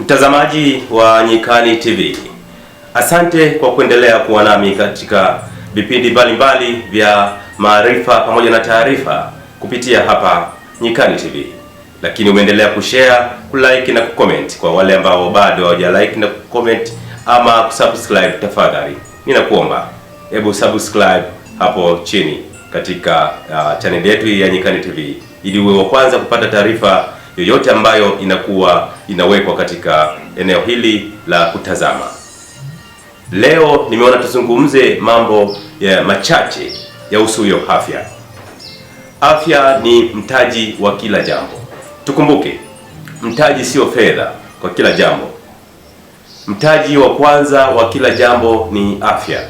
Mtazamaji wa Nyikani TV, asante kwa kuendelea kuwa nami katika vipindi mbalimbali vya maarifa pamoja na taarifa kupitia hapa Nyikani TV, lakini umeendelea kushare, kulike na kucomment. Kwa wale ambao bado hawaja like na kucomment ama kusubscribe, tafadhali ninakuomba hebu subscribe hapo chini katika uh, chaneli yetu ya Nyikani TV ili uwe wa kwanza kupata taarifa yoyote ambayo inakuwa inawekwa katika eneo hili la kutazama. Leo nimeona tuzungumze mambo ya machache yahusuyo afya. Afya ni mtaji wa kila jambo. Tukumbuke, mtaji sio fedha kwa kila jambo. Mtaji wa kwanza wa kila jambo ni afya.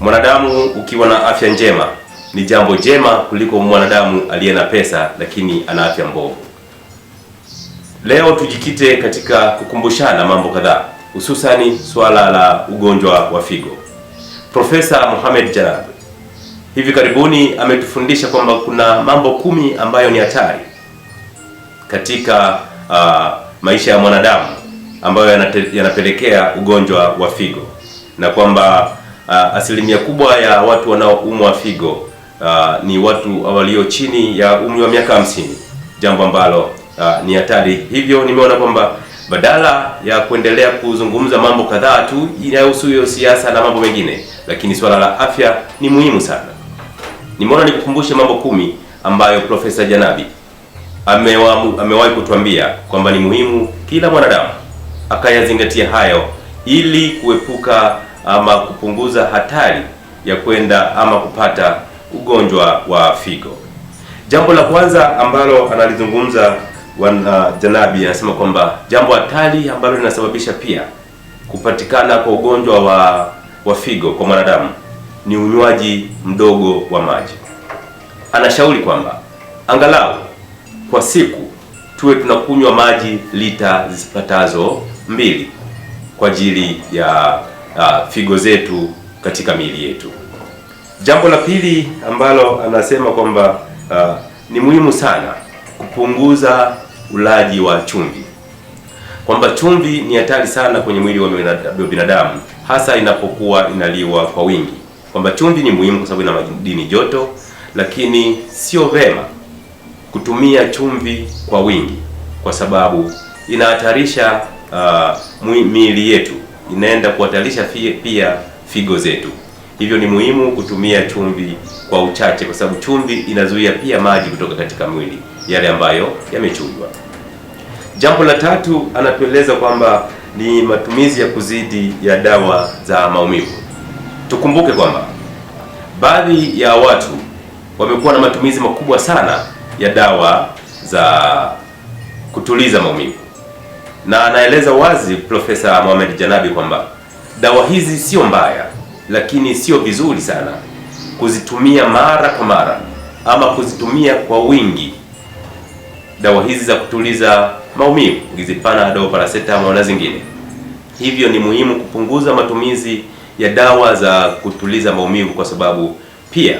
Mwanadamu ukiwa na afya njema ni jambo jema kuliko mwanadamu aliye na pesa lakini ana afya mbovu. Leo tujikite katika kukumbushana mambo kadhaa, hususani suala la ugonjwa wa figo. Profesa Mohamed jarab hivi karibuni ametufundisha kwamba kuna mambo kumi ambayo ni hatari katika uh, maisha ya mwanadamu ambayo yanapelekea ugonjwa wa figo na kwamba uh, asilimia kubwa ya watu wanaoumwa figo uh, ni watu walio chini ya umri wa miaka hamsini, jambo ambalo uh, ni hatari. Hivyo nimeona kwamba badala ya kuendelea kuzungumza mambo kadhaa tu inayohusu hiyo siasa na mambo mengine, lakini swala la afya ni muhimu sana. Nimeona nikukumbushe mambo kumi ambayo Profesa Janabi amewahi kutuambia kwamba ni muhimu kila mwanadamu akayazingatia hayo ili kuepuka ama kupunguza hatari ya kwenda ama kupata ugonjwa wa figo. Jambo la kwanza ambalo analizungumza wana uh, Janabi anasema kwamba jambo hatari ambalo linasababisha pia kupatikana kwa ugonjwa wa, wa figo kwa mwanadamu ni unywaji mdogo wa maji. Anashauri kwamba angalau kwa siku tuwe tunakunywa maji lita zipatazo mbili kwa ajili ya uh, figo zetu katika miili yetu. Jambo la pili ambalo anasema kwamba uh, ni muhimu sana kupunguza ulaji wa chumvi, kwamba chumvi ni hatari sana kwenye mwili wa binadamu, hasa inapokuwa inaliwa kwa wingi, kwamba chumvi ni muhimu kwa sababu ina madini joto, lakini sio vema kutumia chumvi kwa wingi, kwa sababu inahatarisha uh, miili yetu, inaenda kuhatarisha pia figo zetu. Hivyo ni muhimu kutumia chumvi kwa uchache, kwa sababu chumvi inazuia pia maji kutoka katika mwili yale ambayo yamechujwa. Jambo la tatu, anatueleza kwamba ni matumizi ya kuzidi ya dawa za maumivu. Tukumbuke kwamba baadhi ya watu wamekuwa na matumizi makubwa sana ya dawa za kutuliza maumivu, na anaeleza wazi Profesa Mohamed Janabi kwamba dawa hizi sio mbaya, lakini sio vizuri sana kuzitumia mara kwa mara ama kuzitumia kwa wingi dawa hizi za kutuliza maumivu, ukizipana dawa paracetamol na zingine. Hivyo ni muhimu kupunguza matumizi ya dawa za kutuliza maumivu kwa sababu pia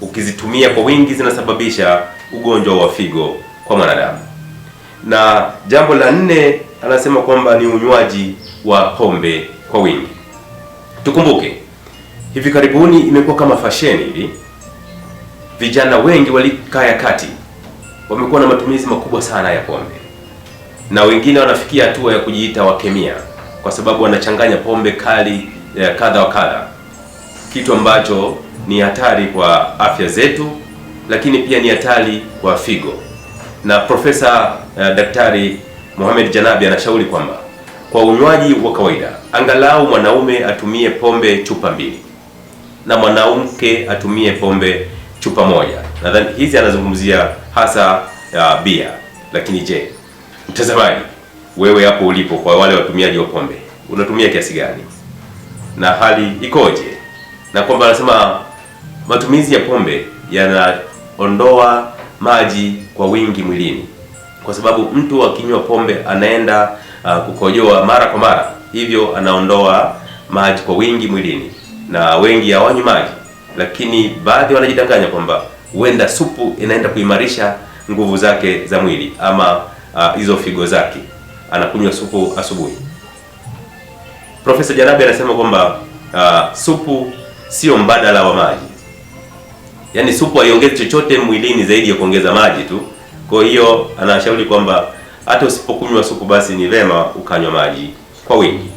ukizitumia kwa wingi zinasababisha ugonjwa wa figo kwa mwanadamu. Na jambo la nne anasema kwamba ni unywaji wa pombe kwa wingi. Tukumbuke hivi karibuni imekuwa kama fasheni hivi, vijana wengi walikaa ya kati wamekuwa na matumizi makubwa sana ya pombe, na wengine wanafikia hatua ya kujiita wakemia kwa sababu wanachanganya pombe kali eh, kadha wa kadha, kitu ambacho ni hatari kwa afya zetu, lakini pia ni hatari kwa figo. Na Profesa uh, Daktari Mohamed Janabi anashauri kwamba kwa unywaji wa kawaida angalau mwanaume atumie pombe chupa mbili na mwanamke atumie pombe chupa moja nadhani hizi anazungumzia hasa uh, bia. Lakini je, mtazamaji, wewe hapo ulipo, kwa wale watumiaji wa pombe, unatumia kiasi gani na hali ikoje? Na kwamba anasema matumizi ya pombe yanaondoa maji kwa wingi mwilini, kwa sababu mtu akinywa pombe anaenda uh, kukojoa mara kwa mara, hivyo anaondoa maji kwa wingi mwilini, na wengi hawanywi maji, lakini baadhi wanajidanganya kwamba huenda supu inaenda kuimarisha nguvu zake za mwili ama ah, hizo uh, figo zake. Anakunywa supu asubuhi. Profesa Janabi anasema kwamba uh, supu sio mbadala wa maji, yaani supu haiongezi chochote mwilini zaidi ya kuongeza maji tu. Kwa hiyo anashauri kwamba hata usipokunywa supu, basi ni vema ukanywa maji kwa wingi.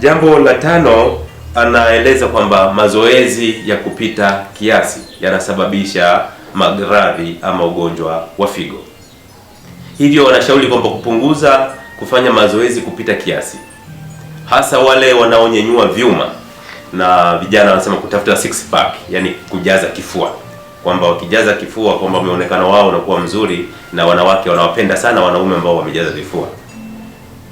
Jambo la tano anaeleza kwamba mazoezi ya kupita kiasi yanasababisha magradhi ama ugonjwa wa figo. Hivyo wanashauri kwamba kupunguza kufanya mazoezi kupita kiasi, hasa wale wanaonyenyua vyuma, na vijana wanasema kutafuta six pack, yani kujaza kifua, kwamba wakijaza kifua kwamba muonekano wao unakuwa mzuri, na wanawake wanawapenda sana wanaume ambao wamejaza vifua,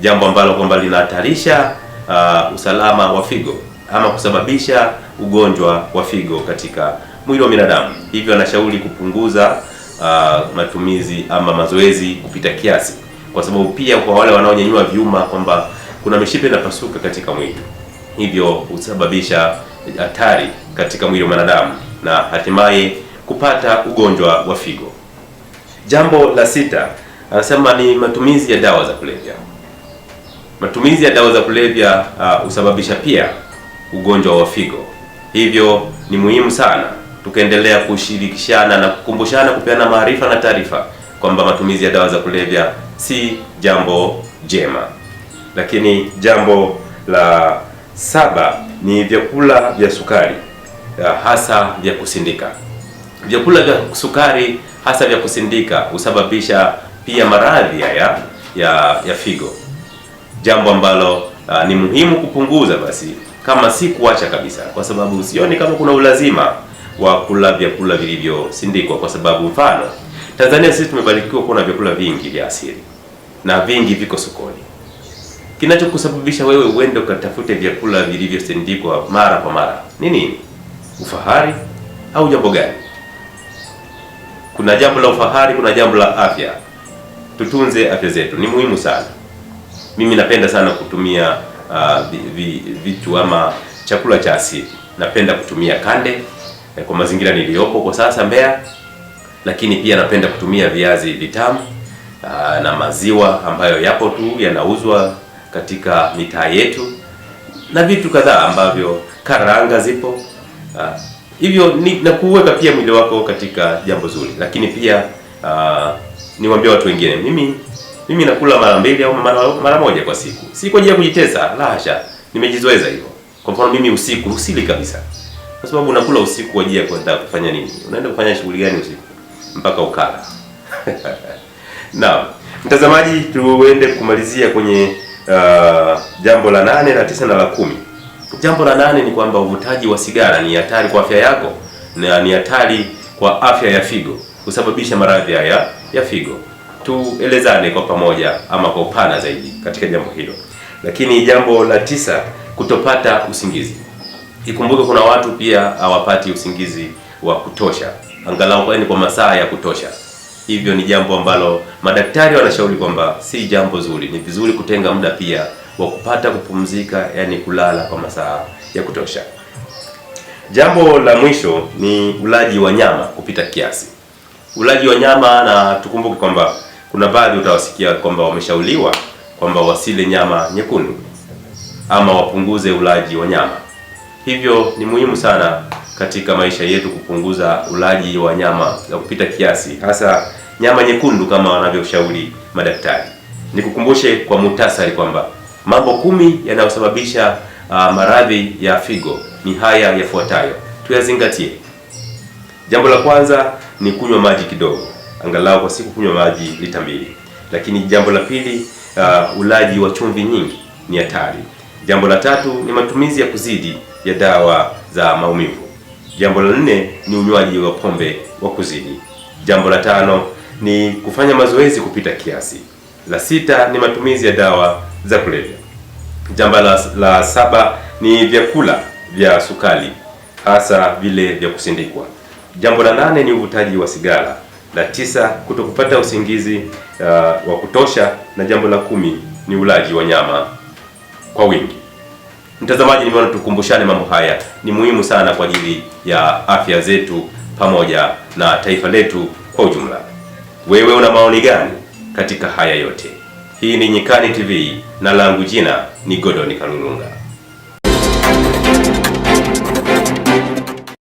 jambo ambalo kwamba linahatarisha uh, usalama wa figo ama kusababisha ugonjwa wa figo katika mwili wa binadamu. Hivyo anashauri kupunguza uh, matumizi ama mazoezi kupita kiasi, kwa sababu pia kwa wale wanaonyanyua vyuma kwamba kuna mishipa inapasuka katika mwili, hivyo husababisha hatari katika mwili wa binadamu na hatimaye kupata ugonjwa wa figo. Jambo la sita anasema ni matumizi ya dawa za kulevya. Matumizi ya dawa za kulevya uh, husababisha uh, pia ugonjwa wa figo. Hivyo ni muhimu sana tukaendelea kushirikishana na kukumbushana, kupeana maarifa na taarifa kwamba matumizi ya dawa za kulevya si jambo jema. Lakini jambo la saba ni vyakula vya sukari eh, hasa vya kusindika. Vyakula vya sukari hasa vya kusindika husababisha pia maradhi ya, ya, ya figo, jambo ambalo uh, ni muhimu kupunguza basi kama si kuacha kabisa, kwa sababu sioni kama kuna ulazima wa kula vyakula vilivyosindikwa, kwa sababu mfano Tanzania sisi tumebarikiwa kuwa na vyakula vingi vya asili na vingi viko sokoni. Kinachokusababisha wewe uende ukatafute vyakula vilivyosindikwa mara kwa mara ni nini? Ufahari au jambo gani? Kuna jambo la ufahari, kuna jambo la afya. Tutunze afya zetu, ni muhimu sana. Mimi napenda sana kutumia uh, vitu ama chakula cha asili. Napenda kutumia kande eh, kwa mazingira niliyopo kwa sasa Mbeya, lakini pia napenda kutumia viazi vitamu uh, na maziwa ambayo yapo tu yanauzwa katika mitaa yetu na vitu kadhaa ambavyo karanga zipo uh, hivyo ni, na kuweka pia mwili wako katika jambo zuri, lakini pia uh, niwaambie watu wengine mimi mimi nakula mara mbili au mara, mara moja kwa siku, si kwa ajili ya kujitesa, la hasha. Nimejizoeza hivyo. Kwa mfano mimi usiku usili kabisa, kwa sababu unakula usiku kwa ajili ya kwenda kufanya nini? Unaenda kufanya shughuli gani usiku mpaka ukala? Na mtazamaji, tuende kumalizia kwenye uh, jambo la nane la tisa na la kumi. Jambo la nane ni kwamba uvutaji wa sigara ni hatari kwa afya yako na ni hatari kwa afya ya figo, kusababisha maradhi haya ya figo tuelezane kwa pamoja ama kwa upana zaidi katika jambo hilo. Lakini jambo la tisa, kutopata usingizi. Ikumbuke kuna watu pia hawapati usingizi wa kutosha, angalau ni yaani kwa masaa ya kutosha. Hivyo ni jambo ambalo madaktari wanashauri kwamba si jambo zuri. Ni vizuri kutenga muda pia wa kupata kupumzika, yani kulala kwa masaa ya kutosha. Jambo la mwisho ni ulaji wa nyama kupita kiasi. Ulaji wa nyama, na tukumbuke kwamba kuna baadhi utawasikia kwamba wameshauliwa kwamba wasile nyama nyekundu ama wapunguze ulaji wa nyama. Hivyo ni muhimu sana katika maisha yetu kupunguza ulaji wa nyama ya kupita kiasi, hasa nyama nyekundu kama wanavyoshauri madaktari. Nikukumbushe kwa muhtasari kwamba mambo kumi yanayosababisha uh, maradhi ya figo ni haya yafuatayo, tuyazingatie. Jambo la kwanza ni kunywa maji kidogo angalau kwa siku kunywa maji lita mbili. Lakini jambo la pili, uh, ulaji wa chumvi nyingi ni hatari. Jambo la tatu ni matumizi ya kuzidi ya dawa za maumivu. Jambo la nne ni unywaji wa pombe wa kuzidi. Jambo la tano ni kufanya mazoezi kupita kiasi. La sita ni matumizi ya dawa za kulevya. Jambo la, la saba ni vyakula vya sukari hasa vile vya kusindikwa. Jambo la nane ni uvutaji wa sigara la tisa kutokupata usingizi uh, wa kutosha, na jambo la kumi ni ulaji wa nyama kwa wingi. Mtazamaji, nimeona tukumbushane mambo haya, ni muhimu sana kwa ajili ya afya zetu pamoja na taifa letu kwa ujumla. Wewe una maoni gani katika haya yote? Hii ni Nyikani TV na langu jina ni Godoni Kalulunga.